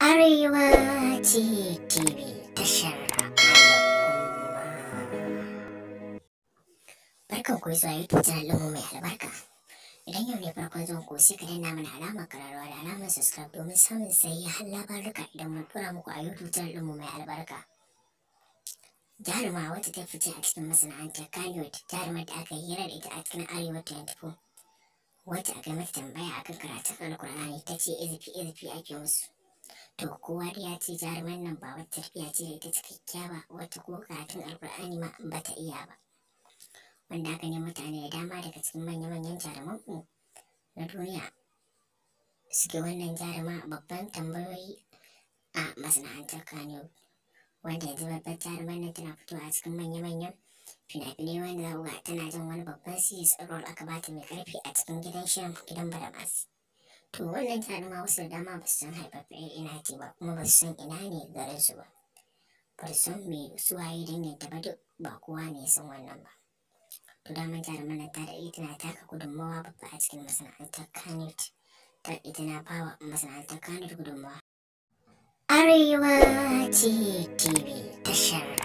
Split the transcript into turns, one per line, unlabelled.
Arewa TV tashar Barkan ku zuwa YouTube channel mu mai albarka. Idan yau ne farkon zuwan ku sai ka mana alamar kararwa da alamar subscribe domin samun sahihan labaruka idan mun tura muku a YouTube channel mu mai albarka. Jaruma wata ta fice a cikin masana'antar Kanyewood jarumar da aka hira da ita a cikin Arewa 24 wacce aka mata tambaya akan karatun Alkur'ani ta ce izifi izifi ake musu. To kowa ya ce jaruman nan ba wata tafiya ce da ita cikakkiya kyakkyawa wata ko karatun alkur'ani ma ba ta iya ba. Wanda aka ne mutane da dama daga cikin manya-manyan ku na duniya suke wannan jaruma babban tambayoyi a masana'antar Kano. Wanda yanzu babban jaruman nan tana fitowa a cikin manya-manyan fina-finai wanda za tana jin wani babban siyas rol aka bata mai karfi a cikin gidan shirin gidan Badamasi. to wannan tunanin ma wasu da dama ba su san haifaffe ina ke ba kuma ba su san ina ne garin su ba ba su san me suwaye danganta ba duk ba kowa ne san wannan ba to daman jaruman nan ta ita na taka gudunmawa babba a cikin masana'antar kanut ta daɗe tana bawa masana'antar kanut gudunmawa arewa ce tv tashar